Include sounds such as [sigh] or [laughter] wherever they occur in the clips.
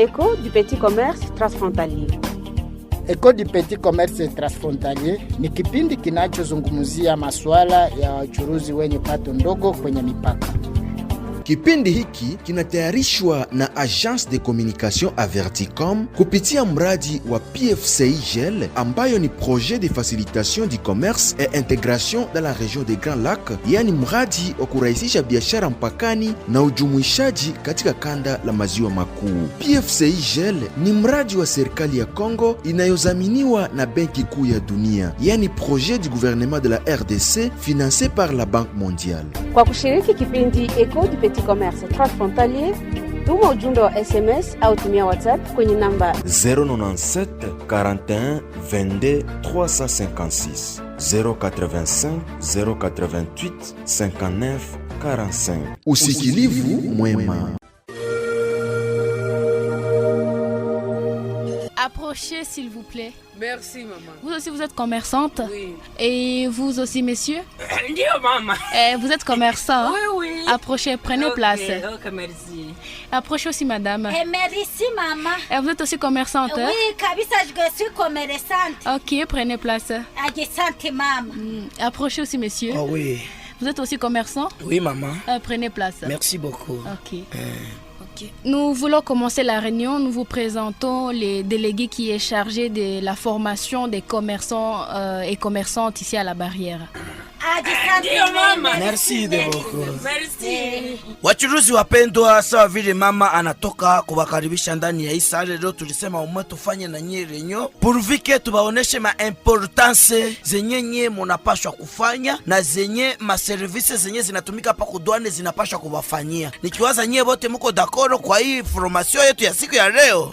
Écho du petit commerce transfrontalier. Eko di Petit Commerce Transfrontalier ni kipindi kinachozungumzia masuala ya wachuruzi wenye pato ndogo kwenye mipaka. Kipindi hiki kinatayarishwa na Agence de Communication Averticom kupitia mradi wa PFCIGL GEL ambayo ni Projet de Facilitation du Commerce et Intégration dans la Région des Grands Lacs, yaani mradi wa kurahisisha biashara mpakani na ujumuishaji katika kanda la maziwa makuu. PFCIGL ni mradi wa serikali ya Kongo inayodhaminiwa na Benki Kuu ya Dunia, yaani projet du gouvernement de la RDC financé par la Banque Mondiale. Kwa kushiriki kipindi Eco du Petit City Commerce Transfrontalier. Tuma ujumbe wa SMS au tumia WhatsApp kwenye namba 097 41 22 356 085 088 59 45. Usikilivu mwema. Approchez, s'il vous plaît. Merci, maman. Vous aussi, vous êtes commerçante Oui. Et vous aussi, messieurs Oui [laughs] maman. Eh, vous êtes commerçant. Hein? oui, oui. Approchez, prenez place. Approchez aussi, madame. Et eh, merci, maman. Et eh, vous êtes aussi commerçante hein? Oui, Kabisa, je suis commerçante. Ok, prenez place. Hmm, approchez aussi, messieurs. Ah oui. Vous êtes aussi commerçant Oui, maman. prenez place. Merci beaucoup. Ok. Nous voulons commencer la réunion. Nous vous présentons les délégués qui est chargé de la formation des commerçants euh, et commerçantes ici à la barrière. Eh, merci eh, de beaucoup. Merci. Eh. Wachuruzi wapendwa, sawa vile mama anatoka kuwakaribisha ndani ya hii sare, leo tulisema umwe tufanye na nyie renyo purvike, tubaoneshe maimportanse zenye nyie munapashwa kufanya na zenye maservise zenye zinatumika hapa kudwane zinapashwa kuwafanyia. Nikiwaza nyie wote muko dakoro kwa hii formasio yetu ya siku ya leo?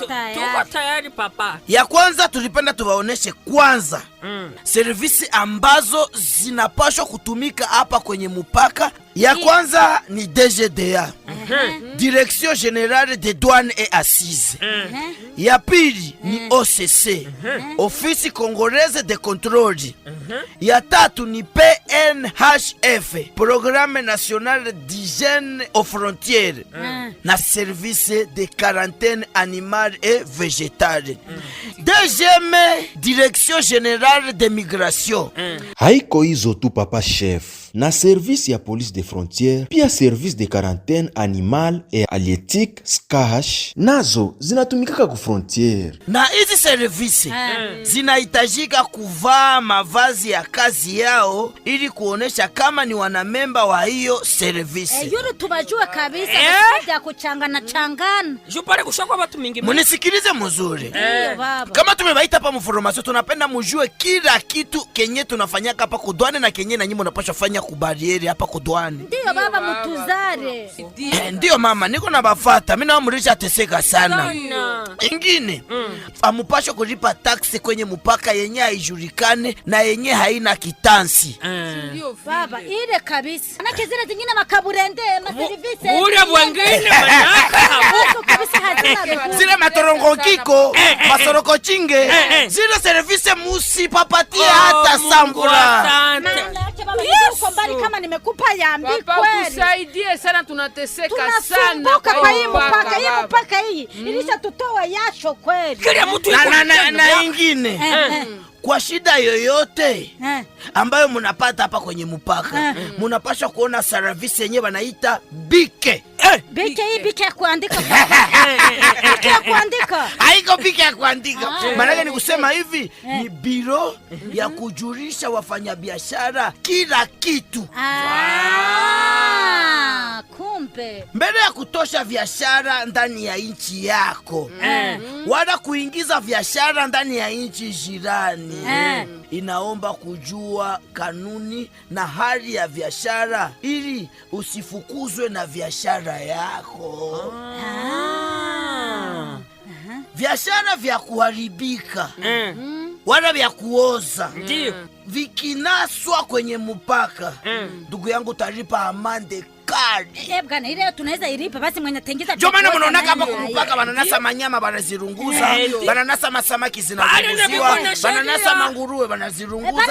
tuko tayari papa. Ya kwanza tulipenda tubaoneshe kwanza mm. Servisi ambazo zinapashwa kutumika hapa kwenye mpaka ya kwanza ni DGDA mm -hmm. Direction Generale de Douane et Assise mm uh-huh. -hmm. Ya pili ni OCC mm -hmm. Office Congolaise de Controle mm uh-huh. -hmm. Ya tatu ni pe PNHF, Programme National d'Hygiène aux Frontières, mm. na service de quarantaine animale et végétale. Mm. Deuxième, Direction Générale des Migrations. Mm. Haiko hizo tu papa chef, na service ya police de frontière pia service de quarantaine animal et alietique SCAH nazo zinatumikaka ku frontiere na hizi service mm. zinahitajika kuvaa mavazi ya kazi yao ili ili kuonesha kama ni wanamemba wa hiyo servisi. Eh, yule tubajua kabisa eh? Basija kuchangana changana. Jupare kushakwa watu mingi. Munisikilize mzuri. Eh. Kama tumebaita hapa mformasyo tunapenda mjue kila kitu kenye tunafanyaka hapa kudwane na kenye na nyinyi mnapaswa fanya kubarieri hapa kudwane. Ndio baba mtuzare. Eh, ndio mama niko na bafata. Mimi naamrisha ateseka sana. Ingine mm. Amupasho kulipa taksi kwenye mupaka yenye haijulikane na yenye haina kitansi. Mm. Eh. Baba, ile kabisa. Manake zile zingine makaburende, maservice. Ule bwangine manaka. [laughs] [laughs] Zile matorongo kiko, eh, eh, masoroko chinge. Zile service musi papatia oh, hata sambula. Yesu, mbali kama nimekupa yambi kweli. Baba, usaidie sana tunateseka sana. Tunasumbuka kwa hii mpaka, hii mpaka hii. Hmm? Ilisha tutoa yasho kweli. Kile mtu na na ingine kwa shida yoyote eh, ambayo munapata hapa kwenye mpaka eh, munapasha kuona service yenyewe wanaita bike eh. bike hii bike ya kuandika [laughs] eh, eh, bike ya kuandika haiko bike ya kuandika ah. maanake ni kusema hivi eh, ni biro ya kujulisha wafanyabiashara kila kitu ah, mbele ya kutosha biashara ndani ya nchi yako mm, wala kuingiza biashara ndani ya nchi jirani mm. Inaomba kujua kanuni na hali ya biashara ili usifukuzwe na biashara yako ah. ah. Biashara vya kuharibika mm. wala vya kuoza mm. vikinaswa kwenye mpaka eh. ndugu yangu, taripa amande gani? Eh, bwana ile tunaweza ilipa basi mwenye tengeza. Ndio maana mnaona hapa kumpaka bananasa manyama banazirunguza, eh, bananasa masamaki zinazunguziwa, bananasa manguruwe banazirunguza.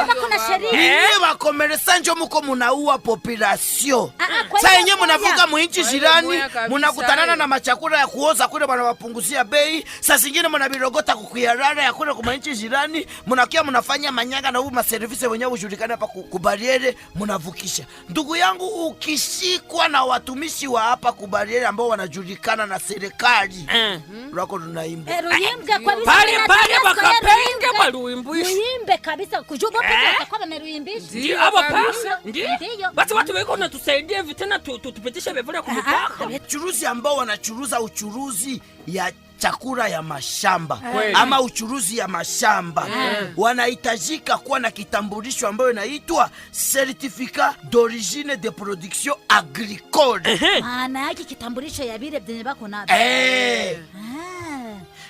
Eh, eh? wa komersa njo muko munaua population. Ah, ah, Sasa yenye mnavuka mwinchi jirani, mnakutanana na machakula ya kuoza kule bana wapunguzia bei. Sasa zingine mnabirogota kukuyarara ya kule kwa mwinchi jirani, mnakia mnafanya manyanga na huu maservice wenyewe hujulikana hapa kubariere mnavukisha. Ndugu yangu ukishikwa tulikuwa na watumishi wa hapa kubariere ambao wanajulikana na serikali eh. rwako runaimba eh, ah, pale pale bakapenge baluimbishi ruimbe kabisa kujuba pesa eh. atakuwa bameruimbisha ndio hapo pesa ndio basi watu wako na tusaidie vitena tupitishe bevule kumpaka ah, ah. churuzi ambao wanachuruza uchuruzi ya chakula ya mashamba yeah. ama uchuruzi ya mashamba yeah. wanahitajika kuwa na kitambulisho ambayo inaitwa certificat d'origine de production agricole. Maana yake kitambulisho ya vile vyenye bako navyo eh. Eh.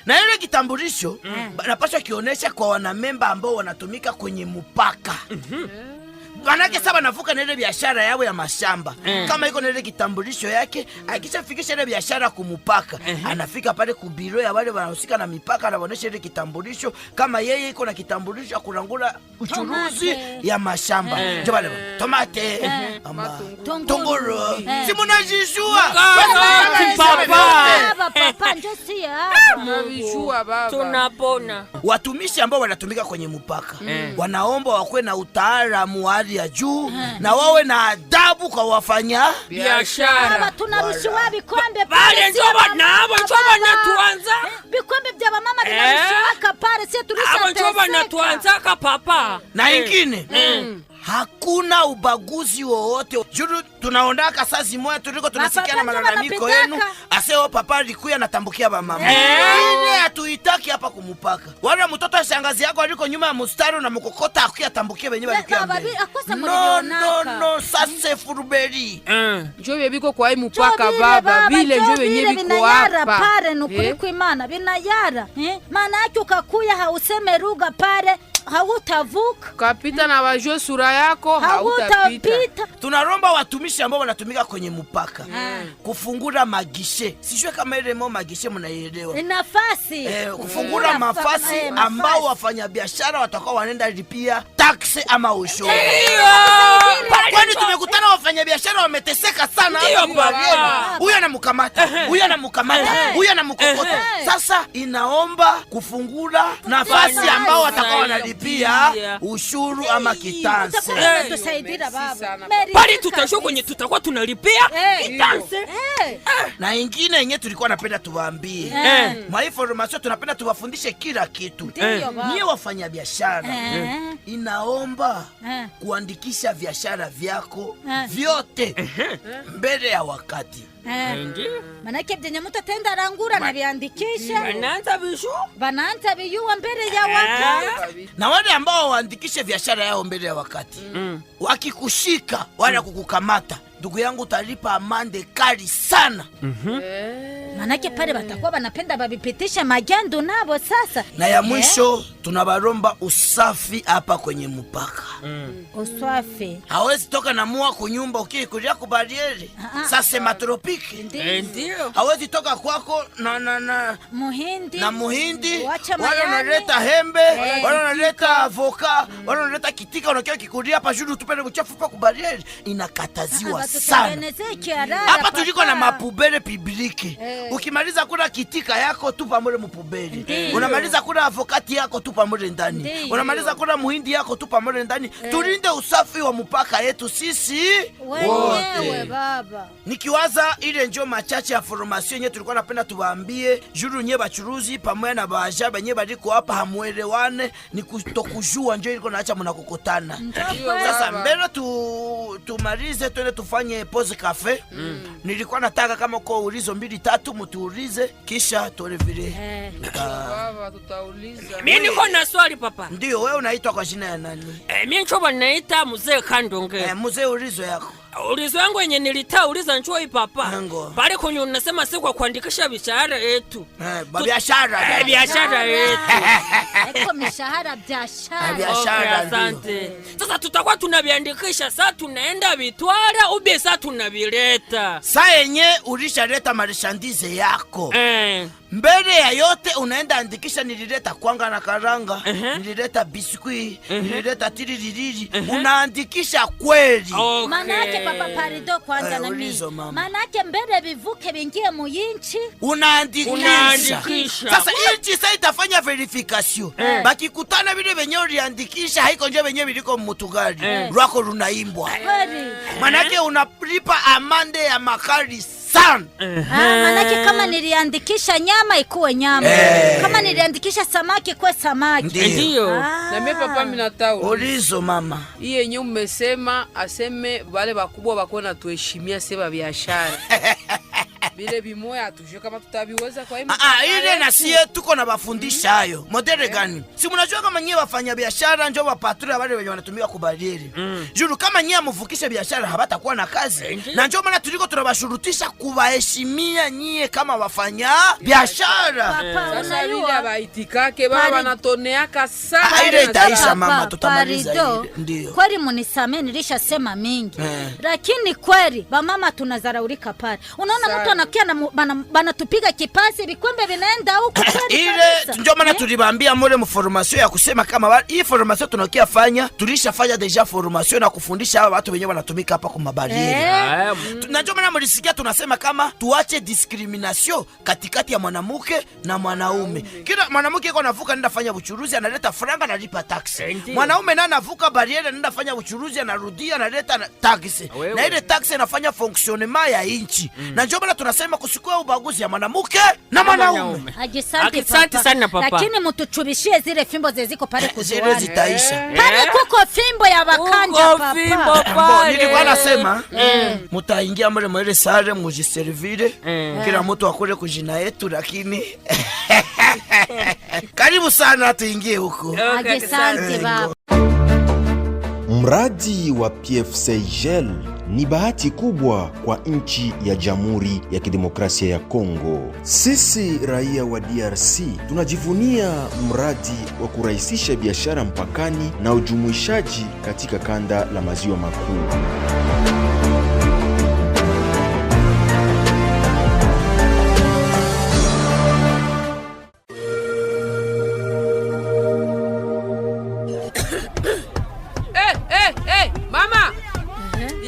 na ile kitambulisho mm. napaswa kionyesha kwa wanamemba ambao wanatumika kwenye mpaka mm -hmm. Wanake saba navuka na ile biashara yao ya mashamba mm. Kama iko na ile kitambulisho yake, akishafikisha ile biashara kumupaka mm -hmm. Anafika pale kubiro ya wale wanahusika na mipaka, anaonyesha ile kitambulisho kama yeye iko na kitambulisho akurangula uchuruzi ya mashamba mm. Eh. Jo tomate mm -hmm. Ama tunguru, si mnajijua papa tunapona. Watumishi ambao wanatumika kwenye mpaka mm. mm. wanaomba wakuwe na utaalamu wa hali ya juu mm. na wawe na adabu kwa wafanya biashara. Baba, Tunarushiwa vikombe pale, ndio hapo choba na tuanza eh? vikombe vya mama eh? vinarushiwa kapale, sisi tulisha tesa na tuanza kapapa na ingine mm. mm hakuna ubaguzi wowote juru tunaondaka sazi moya tuliko tunasikia na malalamiko yenu aseo papa likuya natambukia bamama eh. ile hatuitaki hapa kumupaka wala mtoto shangazi yako aliko nyuma ya mustari na mkokota akuya tambukia benye balikuya mbele no no no sase furuberi eh. njo bye biko kwa mupaka baba vile njo benye biko hapa pare nukuri eh. imana binayara maana yake ukakuya hauseme ruga pare hautavuka. Kapita na wajue sura yako hautapita. Tunaromba watumishi ambao wanatumika kwenye mpaka hmm. kufungura magishe, sijue kama ile mo magishe mnaielewa nafasi eh, kufungura hmm. mafasi eh, ambao wafanyabiashara watakuwa wanaenda lipia taksi ama ushuru. Kwani tumekutana wafanyabiashara wameteseka sana, huyo anamkamata eh, eh. huyo anamkamata eh, huyo anamkokota. Sasa inaomba kufungura nafasi ambao watakuwa wanalipa kulipia ushuru ama kitanse pali tutajua kwenye tutakuwa tunalipia kitanse na ingine yenye tulikuwa napenda tuwaambie mainformasio, tunapenda tuwafundishe kila kitu. Nyie wafanya biashara, inaomba kuandikisha biashara vyako vyote mbele ya wakati. Eh, eh, manake vyenye mutatenda arangura navyandikisha bananza bishu bananza viyuwa mbele ya eh. wakati, na wale ambao waandikishe biashara yao mbele ya wakati, mm. wakikushika wala mm. kukukamata ndugu yangu utalipa amande kali sana. mm -hmm. e... manake pale watakuwa wanapenda babipitisha magendo nabo sasa. Na ya eh? mwisho e... tunabaromba usafi hapa kwenye mpaka mm. usafi hawezi toka na mua kunyumba ukikulia kubariere ah, ah. sasa matropiki eh, ndio hawezi toka kwako na, na, na, muhindi, na muhindi wala unaleta hembe e, wala unaleta avoka mm. wala unaleta kitika unakia kikulia hapa juu tupende uchafu pa kubariere inakataziwa ah, sana. Hapa tuliko na mapubele pibiliki eh. Ukimaliza kula kitika yako tu pamoja mupubele Unamaliza kula avokati yako tu pamoja ndani Unamaliza kula muhindi yako tu pamoja ndani eh. Tulinde usafi wa mupaka yetu sisi wote. Nikiwaza ile njo machache ya formasio nye tulikuwa napenda tuwaambie juru nye bachuruzi pamoja na baja benye baliko hapa hamwelewane, ni kutokujua njo iliko naacha mnakokotana. Sasa mbele tu tumalize twende tufanye tufanye pose cafe mm. Nilikuwa nataka kama uko ulizo mbili tatu mtuulize kisha tuone vile eh. Baba tutauliza. Mimi niko na swali papa. Ndio, wewe unaitwa kwa jina ya nani? Eh, mimi chobo ninaita mzee Kandonge. Eh, mzee ulizo yako Ulizo yangu yenye nilitauliza papa ipapa pale kwenye unasema si kwa kuandikisha eh, biashara yetu eh, biashara biashara yetu [laughs] eh, asante. Sasa tutakuwa tunabiandikisha, saa tunaenda bitwara ubie, saa tunabileta saa yenye ulishaleta marishandize yako eh. Mbele ya yote unaenda andikisha, nilileta kwanga na karanga, nilileta biskwi, nilileta tiririri, unaandikisha kweli. Manake papa parido kwanza na mimi. Manake mbele bivuke bingie mu Unaandikisha. Sasa inchi sasa itafanya verification. Eh. Bakikutana vile venye uliandikisha haiko nje venye viliko mutugari. Eh. Rwako runaimbwa. Manake unalipa amande ya makaris sana. Ah, maanake kama niliandikisha nyama ikuwe nyama, eh. kama niliandikisha samaki ikuwe samaki. Ndio ah. na mimi papa minatao ulizo mama iye yenye umesema aseme wale wakubwa wako na tuheshimia seva biashara [laughs] Bile bimoya tujue kama tutabiweza kwa hii. Ah, ah ile na sie tuko na bafundisha mm-hmm. hayo. Mm. Modele yeah. gani? Si mnajua kama nyewe wafanya biashara ndio wapatria wale wenye wanatumia kubadili. Mm. Juru kama nyewe mvukishe biashara habatakuwa na kazi. Eh, na ndio maana tuliko tunabashurutisha kuwaheshimia nyie kama wafanya yeah. biashara. Papa, eh. sasa vile abaitikake baba wanatoneaka kasa Ah, ile itaisha mama tutamaliza ile. Ndio. Kweli munisameni nilisha sema mingi. Yeah. Lakini kweli ba mama tunazaraulika pale. Unaona mtu ana wanakia banatupiga kipasi vikombe vinaenda huko [clears throat] ile. Ndio maana eh? tulibambia mule mformation ya kusema kama hii formation tunakia fanya, tulishafanya deja formation na kufundisha hawa watu wenyewe wanatumika hapa kwa eh? Mm. na ndio maana mlisikia tunasema kama tuache discrimination katikati ya mwanamke na mwanaume. Kila mwanamke yuko anavuka anaenda fanya uchuruzi, analeta franga, na lipa tax eh, Mwanaume naye anavuka barieri, anaenda fanya uchuruzi, anarudia, analeta tax na ile tax inafanya fonctionnement ya inchi, mm. na ndio maana anasema kusikua ubaguzi ya mwanamke na mwanaume. Asante sana papa, lakini mtuchubishie zile fimbo zeziko pale kuzuani, eh, zile zitaisha eh. pale. Eh? Kuko fimbo ya wakanja papa, nilikuwa nasema mm. mutaingia mure mwele sare mujiserivire, kila mtu akore kujina yetu, lakini [laughs] karibu sana tuingie huko. Asante baba. Mradi wa PFC Gel ni bahati kubwa kwa nchi ya Jamhuri ya Kidemokrasia ya Kongo. Sisi raia wa DRC tunajivunia mradi wa kurahisisha biashara mpakani na ujumuishaji katika kanda la maziwa makuu.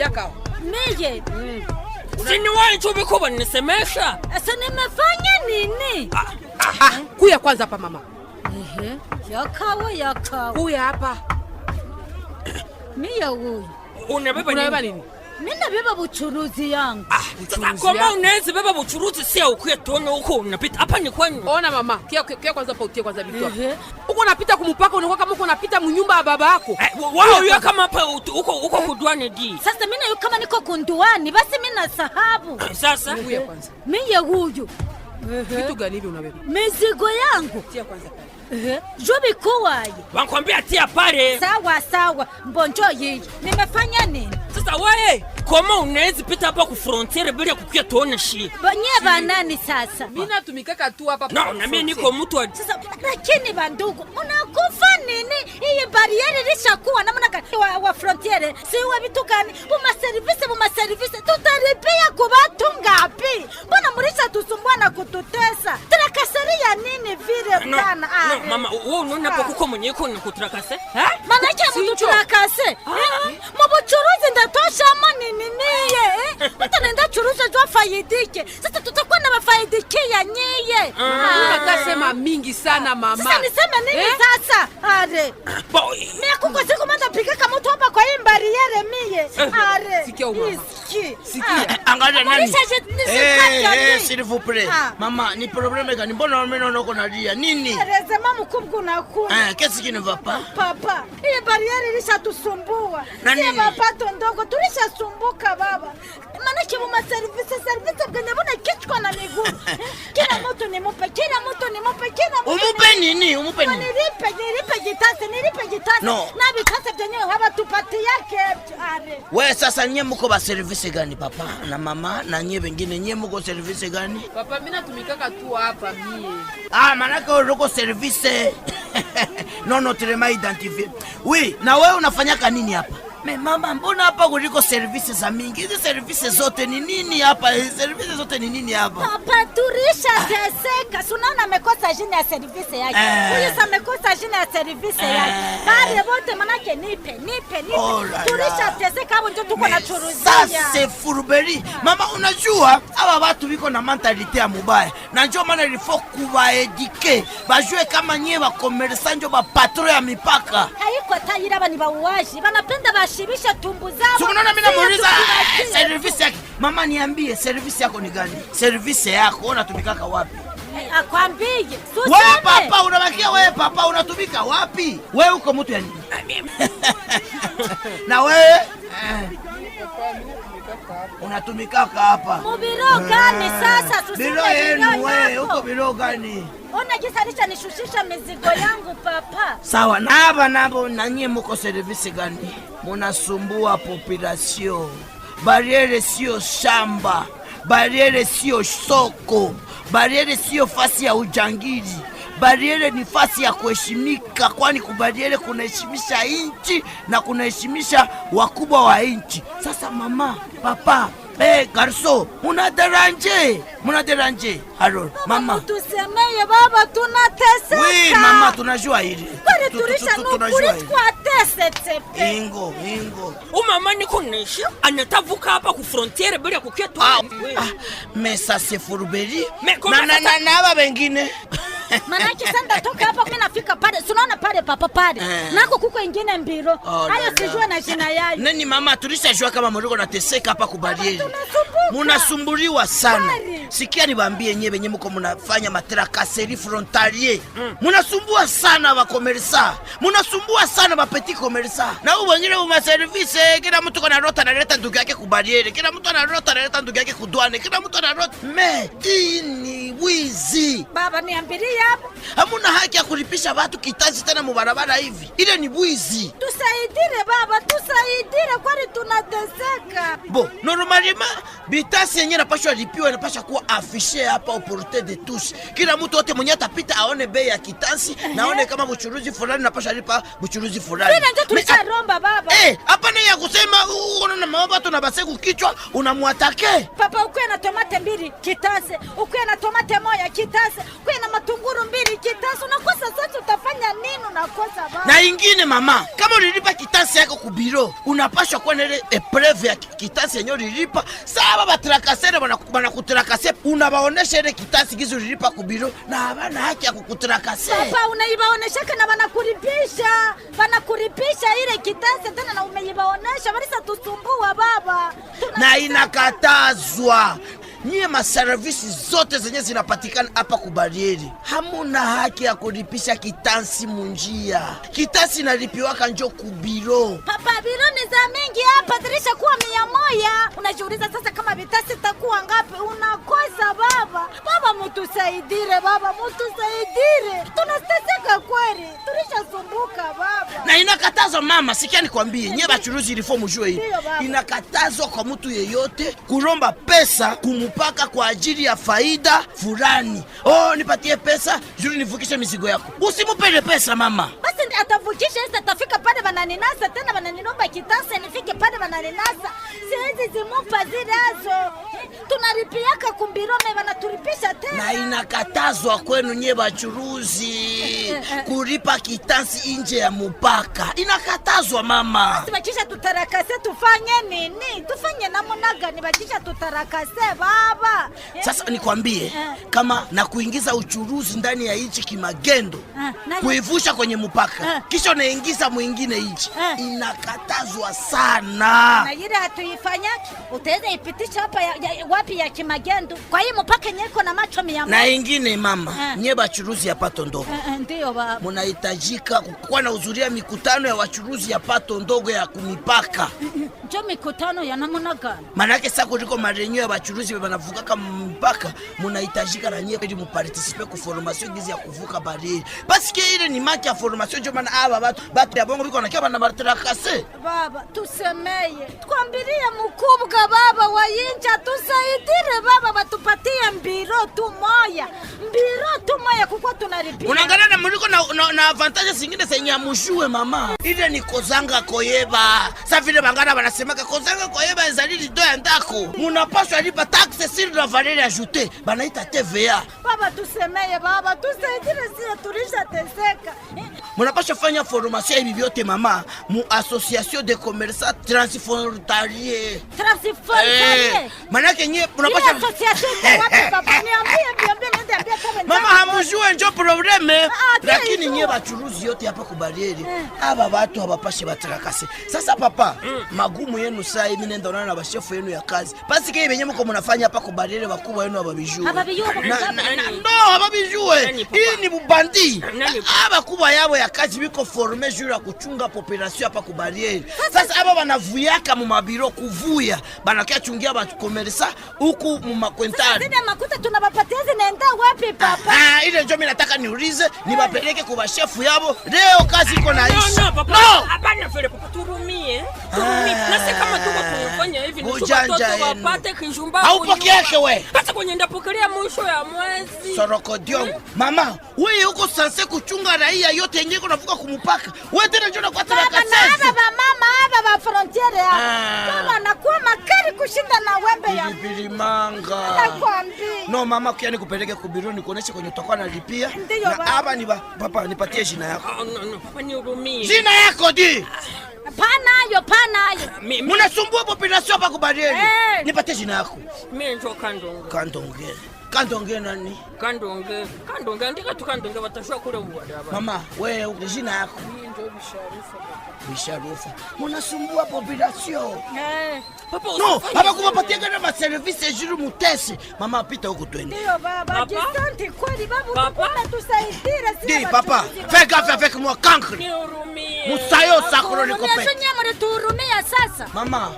yako? Mimi. Mm. Siniwahi chupi kubwa nisemesha. Sasa nimefanya nini? Ah, ah, ah. Kuya kwanza hapa mama. Ehe. Yakawa yakawa. Kuya hapa. Mimi ya wewe. Unabeba nini? Unabeba nini? Nina beba buchuruzi yangu. Ah, sasa kama unaweza beba buchuruzi sio ukwe tuone huko unapita. Hapa ni kwani? Ona mama, kia kia kwanza pa utie kwanza bitwa. Huko unapita kumupaka unakuwa kama uko unapita mnyumba ya baba yako. Eh, Wao yeye kama hapa huko huko kudwani di. Sasa mimi na kama niko kundwani basi mimi na sahabu. Eh, sasa huyo kwanza. Mimi ya huyo. Kitu gani hivi unabeba? Mizigo yangu. Tia kwanza pale. Uh-huh. Jubi kuwaye. Wankwambia tia pale. Sawa sawa. Mbonjo yeye. Nimefanya nini? sasa wewe kama unaweza pita hapa ku frontiere bila kukia tuone shi. Banye banani sasa? Mimi natumikaka tu hapa. No, na mimi niko mtu wa Sasa lakini bandugu, unakufa nini? Hii bariere ilishakuwa na mna wa, wa frontiere. Si wewe bitukani, buma service buma service tutaripia kwa watu ngapi? Mbona mlisha tusumbua na kututesa? Tunakasaria nini vile no, bana? No, no, ah, mama, eh. wewe unaona hapo ah. kuko mwenyeko kuko ni kuturakase? Eh? Maana cha mtu turakase? churuzi ndio inatosha ama ni niniye eh? Mtu [laughs] anaenda churusha jua faidike. Sasa tutakuwa na ya nyie. Ah. Ah. Unatasema mingi sana mama. Sasa niseme nini eh? Sasa are [coughs] boy mimi kuko siku mata pika kama mtu hapa kwa hii bariere mie eh. are sikia mama sikia ah. eh, angalia nani eh s'il vous plaît mama ni problème gani mbona mimi naona uko nalia nini sema na unakuwa eh kesi kini papa papa hii bariere tusumbua. nani papa tondo ntabwo turisasumbuka baba manake mu maserivisi serivisi bwe ndabona kicwa na miguru kera mtu ni mupe kera mtu ni mupe kila mtu umupe ni umupe ni ripe gitase ni ripe gitase no. nabi kase na vitase vyenyewe hawatupatia kebyo are we sasa nye muko ba serivisi gani papa na mama na nye bengine nye muko serivisi gani papa mina tumikaka tu hapa mie ah manake serivisi [laughs] no no notre m'a identifié oui na wewe unafanyaka nini hapa Me mama, mbona hapa kuliko services za mingi? Hizi services zote ni nini hapa? Eh, services zote ni nini hapa? Papa, turishateseka, sunaona amekosa jina ya service yake eh. huyu, uh, amekosa jina ya service yake eh. bare bote, manake nipe nipe nipe, oh, turishateseka hapo, ndio tuko na eh, churuzia sasa furberi. Mama, unajua hawa watu biko na mentalite ya mubaya, na njoo maana ilifo kuwaedike bajue kama nyie bakomersa njo bapatro ya mipaka haiko tayira, bani bauaji banapenda bashibisha tumbu zao. Tunaona mimi namuuliza service yake Mama, niambie service yako ni gani? Service yako unatumikaka wapi? Eh, Akwambie. Ah, wewe papa unabakia wewe papa unatumika wapi? Wewe uko mtu ya nini? Ah, [laughs] na wewe? Eh. Unatumikaka hapa. Mubiro gani eh. sasa? Biro yenu wewe, uko biro gani? Ona jisalisha nishushisha mizigo yangu papa. Sawa, na na hapa hapo na nyie mko service gani? Munasumbua population. Bariere sio shamba, bariere siyo soko, bariere sio fasi ya ujangili. Bariere ni fasi ya kuheshimika, kwani kubariere kunaheshimisha nchi na kunaheshimisha wakubwa wa nchi. Sasa mama, papa Hey, eh, garso, unaderanje. Munaderanje. Haro, mama. Baba, tusemeye baba, tunateseka. Oui, mama, tunajua hili. Kwani tulisha nukuri kwa tese tepe. Ingo, ingo. Umama niko nesha, anatavuka hapa ku frontiere bila kukia ah, ah, mais ça c'est fourberie. Na na na na wengine. [laughs] Manake sasa toka hapa mimi nafika pale. Unaona pale papa pale. Eh. Nako kuko ingine mbiro. Oh, Hayo sijua na jina yayo. Nani mama tulishajua kama mliko nateseka hapa kubalieni. Munasumbuliwa sana. Sikia nibambie nyewe benye mko mnafanya matraka seri frontalier. Mm. Munasumbua sana wa komersa. Munasumbua sana wa petit komersa. Na wewe wengine una service kila mtu kona rota analeta ndugu yake kubalieni. Kila mtu anarota analeta ndugu yake kudwane. Kila mtu anarota. Me, hii ni wizi. Baba niambilie hapa. Hamuna haki ya kulipisha watu kitazi tena mubarabara hivi, ile ni bwizi. Tusaidire baba, tusaidire kwani tunateseka. Bo, normalima bitasi yenye napashwa lipiwa, napashwa kuwa afishe hapa au de tous. Kila mtu wote mwenye atapita aone bei ya kitansi naone kama mchuruzi fulani napashwa lipa mchuruzi fulani. Sina ndio ah, tulisharomba baba. Eh, hapa ni ya kusema uko na maomba tuna baseku kichwa unamwatake. Papa ukwe na tomate mbili kitase, ukwe na tomate moja kitase, ukwe na matungu kunguru mbili kitasi, unakosa sasa, utafanya nini? Unakosa baba. Na ingine mama, kama ulilipa kitasi yako kubiro, unapashwa kuwa na ile epreve ya kitasi yenyewe ulilipa. Sawa, baba trakasere wana kutrakase, unabaonesha ile kitasi gizo ulilipa kubiro, na habana haki ya kukutrakasea. Baba unaibaonesha kana bana kuripisha, bana kuripisha ile kitasi tena, na umeibaonesha barisa tusumbua baba. na inakatazwa nyie maservisi zote zenye zinapatikana hapa kubarieri, hamuna haki ya kulipisha kitansi munjia. Kitansi nalipiwaka njo kubiro. Papa, biro ni za mingi hapa, dirisha kuwa mia moya. Unajiuliza sasa kama vitasi takuwa ngapi? Unakosa baba, baba mutusaidire, baba mutusaidire, tunasteseka kweli, turishasumbuka baba. Na inakatazwa mama, sikia nikwambie, nyie bachuruzi ilifo mujue hii inakatazwa kwa mutu yeyote kuromba pesa kumu mpaka kwa ajili ya faida fulani. Oh, nipatie pesa juli nivukishe mizigo yako. Usimupele pesa mama, basi atavukisha sasa. Tafika pale bananinasa tena, bananinoma kitasa, nifike pale bananinasa, siwezi zimupa zilazo. Tunaripiaka kumbirome, banaturipisha tena, na inakatazwa kwenu nye bachuruzi [laughs] kulipa kitansi nje ya mupaka, inakatazwa mama. Basi bakisha tutarakase, tufanye nini? Tufanye namna gani bakisha tutarakase ba hapa. Sasa nikwambie eh. kama na kuingiza uchuruzi ndani ya nchi kimagendo, eh, kuivusha kwenye mpaka eh. kisha unaingiza mwingine nchi, inakatazwa sana, na ile hatuifanyaki. utaenda ipitisha hapa wapi ya kimagendo? Kwa hiyo mpaka nyeko na macho mia na ingine mama nye bachuruzi ya pato ndogo, ndio baba, munahitajika kukuwa na uzuria mikutano ya wachuruzi ya pato ndogo ya kumipaka. [laughs] Njo mikutano ya namna gani? Manake sasa kuliko marenyo ya wachuruzi ya banavukaka mpaka munahitajika na nyie ili mupartisipe ku formation gizi ya kuvuka barriere paske ile ni maki ya formation, ndio maana aba batu batu ya bongo biko nakia bana bartrakase. Baba tusemeye, tukwambirie mukubwa baba wa inja tusaidire baba, batupatie mbiro tu mbiro tu kuko tunaribia. Unaangalia na mliko na, na, na advantage zingine zenye amushue mama, ile ni kozanga koyeba. Sasa vile bangana banasemaka kozanga koyeba ezalili do ya ndako, munapaswa lipa tax Cecile na valeur ajoutée banaita TVA. Baba tusemeye, baba tusaidie, sisi tulishateseka. Munapasha fanya formation hivi vyote mama mu association de commerçants transfrontalier. Transfrontalier. Manake nyie munapasha association kwa watu baba, niambie niambie nende ambia kwa wenzangu. Mama hamujue njo probleme. Lakini nyie bachuruzi yote hapa kubarieri. Aba watu habapashi batarakasi. Sasa papa, magumu yenu sasa hivi nenda na bashefu yenu ya kazi. Basi kile benye mko mnafanya hapa kubadili wakubwa wenu ababijue no ababijue, hii ni bubandi. Abakubwa ah, yabo ya kazi biko forme juu ya kuchunga population hapa badere. Sasa aba wanavuyaka mumabiro mabiro Bana kia chungia bakomersa huku mu makwentani ah, ah, ile njo nataka niulize, nibapeleke kwa bashefu yabo leo, kazi iko naisha. Hapana, yake we. Hata kwenye ndapokelea mwisho ya mwezi. Soroko diongo. Hmm? Mama, wewe huko sasa kuchunga raia yote yenyewe kunavuka kumpaka. Wewe tena njoo na kwa taraka sasa. Baba, baba, mama, baba frontiere. Ah. Kama anakuwa makali pilipili manga. No mama, kia nikupeleke kubiru nikuoneshe kwenye utakuwa nalipia. Na hapa ni papa, nipatie jina yako. Oh, jina yako di. Pana ayo, pana ayo. Munasumbua population hapa kubadili. Eh. Nipatie jina yako. Mimi ndio Kandonge. Kandonge kandonge nani? Kandonge, kandonge andika tu kandonge watashua kule Mama, wewe jina yako? Mimi ndio Bisharufa. Bisharufa. Munasumbua population. Eh. Papa No, kuma service juru mutesi. Mama pita huko twende. Ndio baba. kweli babu tukuna tusaidira sisi. papa, Musayo sakro Mama,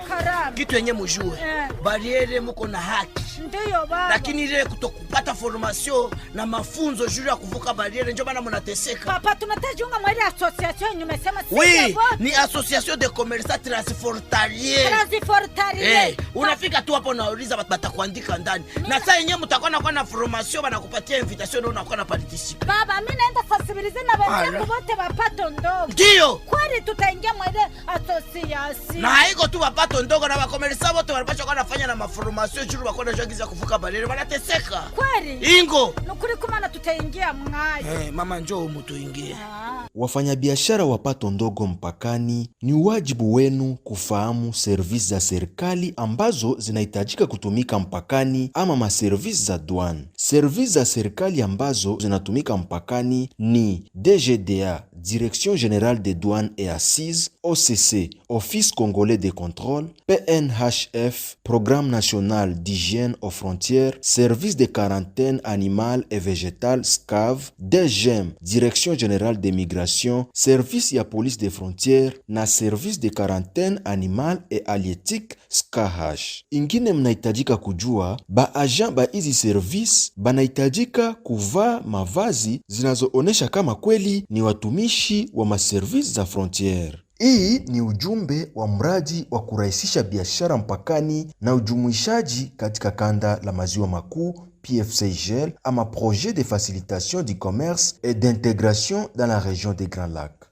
kitu enye mujue. Eh. Bariere muko na haki. Ndiyo baba. Lakini ile kutokupata formation na mafunzo juu ya kuvuka bariere ndio maana mnateseka. Papa, tunatajiunga mwa ile association yenye umesema sisi. Oui, ni association de commerçants transportaliers. Transportaliers. Hey, eh, unafika tu hapo unauliza batakuandika ndani. Na saa yenyewe mtakuwa na kwa na formation banakupatia invitation na unakuwa na participate. Baba, mimi naenda fasibilize na wenzangu wote wapato ndogo. Ndio. Kwani tutaingia mwa ile association. Na haiko tu wapato ndogo na wakomersa wote wanapaswa kwa nafanya na maformation juu wakwenda agiza kuvuka barero barateseka kweli ingo nukuri kumana tutaingia mwayo eh, mama njoo umu tuingie ah. Wafanyabiashara wa pato ndogo mpakani, ni wajibu wenu kufahamu servisi za serikali ambazo zinahitajika kutumika mpakani ama maservisi za douane. Servisi za serikali ambazo zinatumika mpakani ni DGDA, Direction Générale de Douanes et assise OCC, Office Congolais de Contrôle, PNHF, Programme National d'Hygiène aux frontières, service de quarantaine animale et végétale SCAV, DGM, Direction générale des migrations, service ya police des frontières na service de quarantaine animale et halieutique SCAH. Ingine mnahitajika kujua baajan ba hizi service banahitajika kuvaa mavazi zinazoonesha kama kweli ni watumishi wa maservisi za frontiere hii ni ujumbe wa mradi wa kurahisisha biashara mpakani na ujumuishaji katika kanda la maziwa makuu PF e ama projet de facilitation du commerce et d'intégration dans la région des Grands Lacs.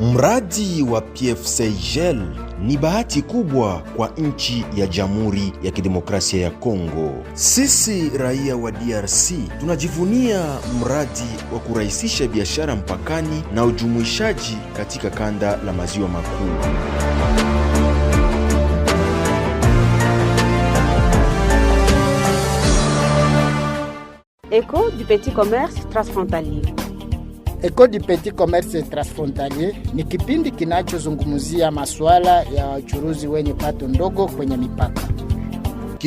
Mradi wa PF ni bahati kubwa kwa nchi ya Jamhuri ya Kidemokrasia ya Kongo. Sisi raia wa DRC tunajivunia mradi wa kurahisisha biashara mpakani na ujumuishaji katika kanda la maziwa makuu. Eco du petit commerce transfrontalier. Eco du Petit Commerce Transfrontalier ni kipindi kinachozungumzia masuala ya wachuruzi wenye pato ndogo kwenye mipaka.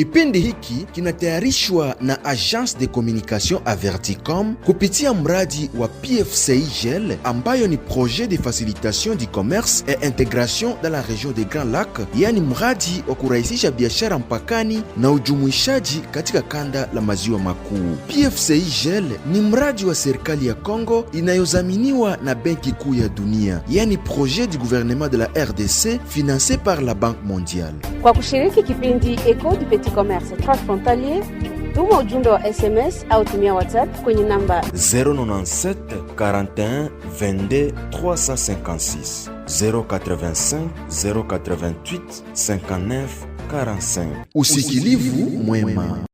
Kipindi hiki kinatayarishwa na Agence de Communication Averticom kupitia mradi wa PFCIGL ambayo ni Projet de Facilitation du Commerce et intégration dans la région des Grands Lacs, yani mradi wa kurahisisha biashara mpakani na ujumuishaji katika kanda la maziwa makuu. PFCIGL ni mradi wa serikali ya Kongo inayozaminiwa na Benki Kuu ya Dunia, yani Projet du Gouvernement de la RDC financé par la Banque Mondiale. Kwa kushiriki kipindi Eco Petit commerce transfrontalier. Tuma ujumbe wa SMS au tumia WhatsApp kwenye namba 097 41 Usikilivu mwema.